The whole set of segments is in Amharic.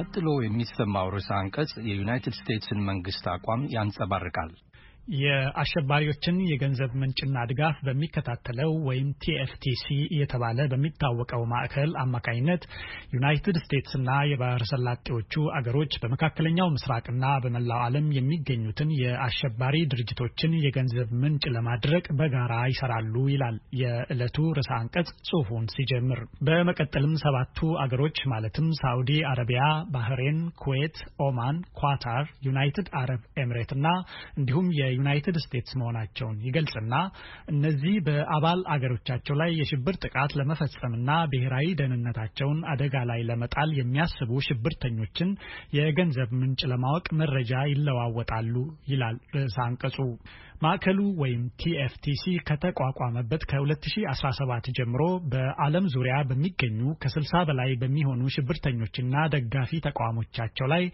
ቀጥሎ የሚሰማው ርዕሰ አንቀጽ የዩናይትድ ስቴትስን መንግስት አቋም ያንጸባርቃል የአሸባሪዎችን የገንዘብ ምንጭና ድጋፍ በሚከታተለው ወይም ቲኤፍቲሲ እየተባለ በሚታወቀው ማዕከል አማካኝነት ዩናይትድ ስቴትስና የባህር ሰላጤዎቹ አገሮች በመካከለኛው ምስራቅና በመላው ዓለም የሚገኙትን የአሸባሪ ድርጅቶችን የገንዘብ ምንጭ ለማድረቅ በጋራ ይሰራሉ ይላል የዕለቱ ርዕሰ አንቀጽ ጽሑፉን ሲጀምር። በመቀጠልም ሰባቱ አገሮች ማለትም ሳዑዲ አረቢያ፣ ባህሬን፣ ኩዌት፣ ኦማን፣ ኳታር፣ ዩናይትድ አረብ ኤምሬት እና እንዲሁም የ ዩናይትድ ስቴትስ መሆናቸውን ይገልጽና እነዚህ በአባል አገሮቻቸው ላይ የሽብር ጥቃት ለመፈጸምና ብሔራዊ ደህንነታቸውን አደጋ ላይ ለመጣል የሚያስቡ ሽብርተኞችን የገንዘብ ምንጭ ለማወቅ መረጃ ይለዋወጣሉ ይላል ርዕሰ አንቀጹ። ማዕከሉ ወይም ቲኤፍቲሲ ከተቋቋመበት ከ2017 ጀምሮ በዓለም ዙሪያ በሚገኙ ከ60 በላይ በሚሆኑ ሽብርተኞችና ደጋፊ ተቋሞቻቸው ላይ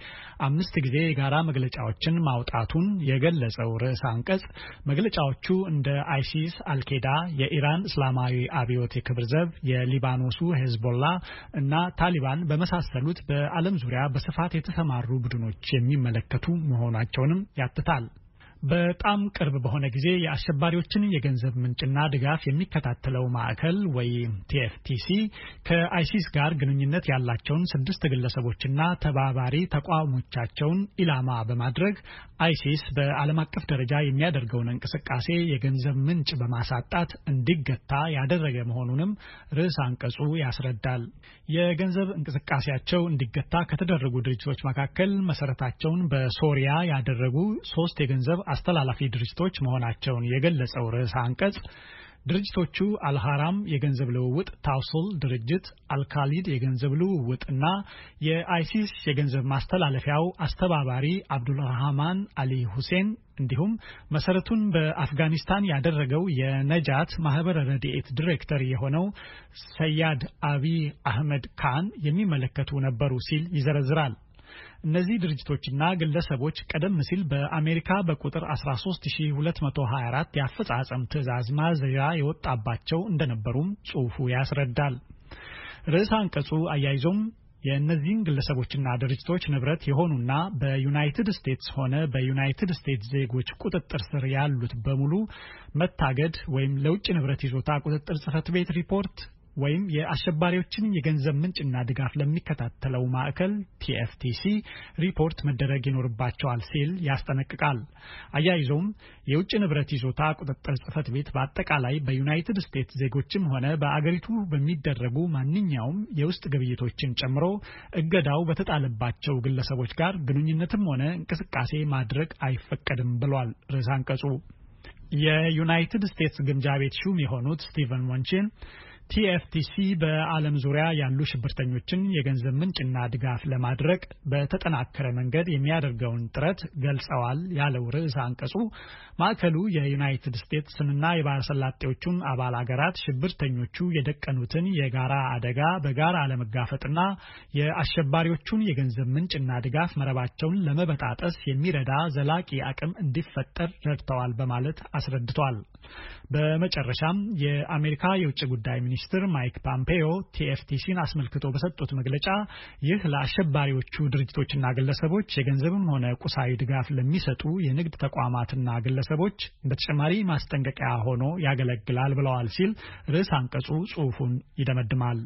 አምስት ጊዜ የጋራ መግለጫዎችን ማውጣቱን የገለጸው ርዕሰ አንቀጽ መግለጫዎቹ እንደ አይሲስ፣ አልኬዳ፣ የኢራን እስላማዊ አብዮት የክብር ዘብ፣ የሊባኖሱ ሄዝቦላ እና ታሊባን በመሳሰሉት በዓለም ዙሪያ በስፋት የተሰማሩ ቡድኖች የሚመለከቱ መሆናቸውንም ያትታል። በጣም ቅርብ በሆነ ጊዜ የአሸባሪዎችን የገንዘብ ምንጭና ድጋፍ የሚከታተለው ማዕከል ወይም ቲኤፍቲሲ ከአይሲስ ጋር ግንኙነት ያላቸውን ስድስት ግለሰቦችና ተባባሪ ተቋሞቻቸውን ኢላማ በማድረግ አይሲስ በዓለም አቀፍ ደረጃ የሚያደርገውን እንቅስቃሴ የገንዘብ ምንጭ በማሳጣት እንዲገታ ያደረገ መሆኑንም ርዕስ አንቀጹ ያስረዳል። የገንዘብ እንቅስቃሴያቸው እንዲገታ ከተደረጉ ድርጅቶች መካከል መሰረታቸውን በሶሪያ ያደረጉ ሶስት የገንዘብ አስተላላፊ ድርጅቶች መሆናቸውን የገለጸው ርዕሰ አንቀጽ ድርጅቶቹ አልሃራም የገንዘብ ልውውጥ ታውሶል ድርጅት፣ አልካሊድ የገንዘብ ልውውጥ እና የአይሲስ የገንዘብ ማስተላለፊያው አስተባባሪ አብዱልራህማን አሊ ሁሴን እንዲሁም መሰረቱን በአፍጋኒስታን ያደረገው የነጃት ማህበረ ረድኤት ዲሬክተር የሆነው ሰያድ አቢ አህመድ ካን የሚመለከቱ ነበሩ ሲል ይዘረዝራል። እነዚህ ድርጅቶችና ግለሰቦች ቀደም ሲል በአሜሪካ በቁጥር 13224 የአፈጻጸም ትዕዛዝ ማዘዣ የወጣባቸው እንደነበሩም ጽሑፉ ያስረዳል። ርዕስ አንቀጹ አያይዞም የእነዚህን ግለሰቦችና ድርጅቶች ንብረት የሆኑና በዩናይትድ ስቴትስ ሆነ በዩናይትድ ስቴትስ ዜጎች ቁጥጥር ስር ያሉት በሙሉ መታገድ ወይም ለውጭ ንብረት ይዞታ ቁጥጥር ጽሕፈት ቤት ሪፖርት ወይም የአሸባሪዎችን የገንዘብ ምንጭና ድጋፍ ለሚከታተለው ማዕከል ቲኤፍቲሲ ሪፖርት መደረግ ይኖርባቸዋል ሲል ያስጠነቅቃል። አያይዞም የውጭ ንብረት ይዞታ ቁጥጥር ጽህፈት ቤት በአጠቃላይ በዩናይትድ ስቴትስ ዜጎችም ሆነ በአገሪቱ በሚደረጉ ማንኛውም የውስጥ ግብይቶችን ጨምሮ እገዳው በተጣለባቸው ግለሰቦች ጋር ግንኙነትም ሆነ እንቅስቃሴ ማድረግ አይፈቀድም ብሏል ርዕሰ አንቀጹ። የዩናይትድ ስቴትስ ግምጃ ቤት ሹም የሆኑት ስቲቨን ሞንቺን ቲኤፍቲሲ በዓለም ዙሪያ ያሉ ሽብርተኞችን የገንዘብ ምንጭና ድጋፍ ለማድረግ በተጠናከረ መንገድ የሚያደርገውን ጥረት ገልጸዋል ያለው ርዕስ አንቀጹ ማዕከሉ የዩናይትድ ስቴትስንና የባለሰላጤዎቹን አባል አገራት ሽብርተኞቹ የደቀኑትን የጋራ አደጋ በጋራ ለመጋፈጥና የአሸባሪዎቹን የገንዘብ ምንጭና ድጋፍ መረባቸውን ለመበጣጠስ የሚረዳ ዘላቂ አቅም እንዲፈጠር ረድተዋል በማለት አስረድቷል። በመጨረሻም የአሜሪካ የውጭ ጉዳይ ሚኒስትር ማይክ ፓምፔዮ ቲኤፍቲሲን አስመልክቶ በሰጡት መግለጫ ይህ ለአሸባሪዎቹ ድርጅቶችና ግለሰቦች የገንዘብም ሆነ ቁሳዊ ድጋፍ ለሚሰጡ የንግድ ተቋማትና ግለሰቦች በተጨማሪ ማስጠንቀቂያ ሆኖ ያገለግላል ብለዋል ሲል ርዕስ አንቀጹ ጽሑፉን ይደመድማል።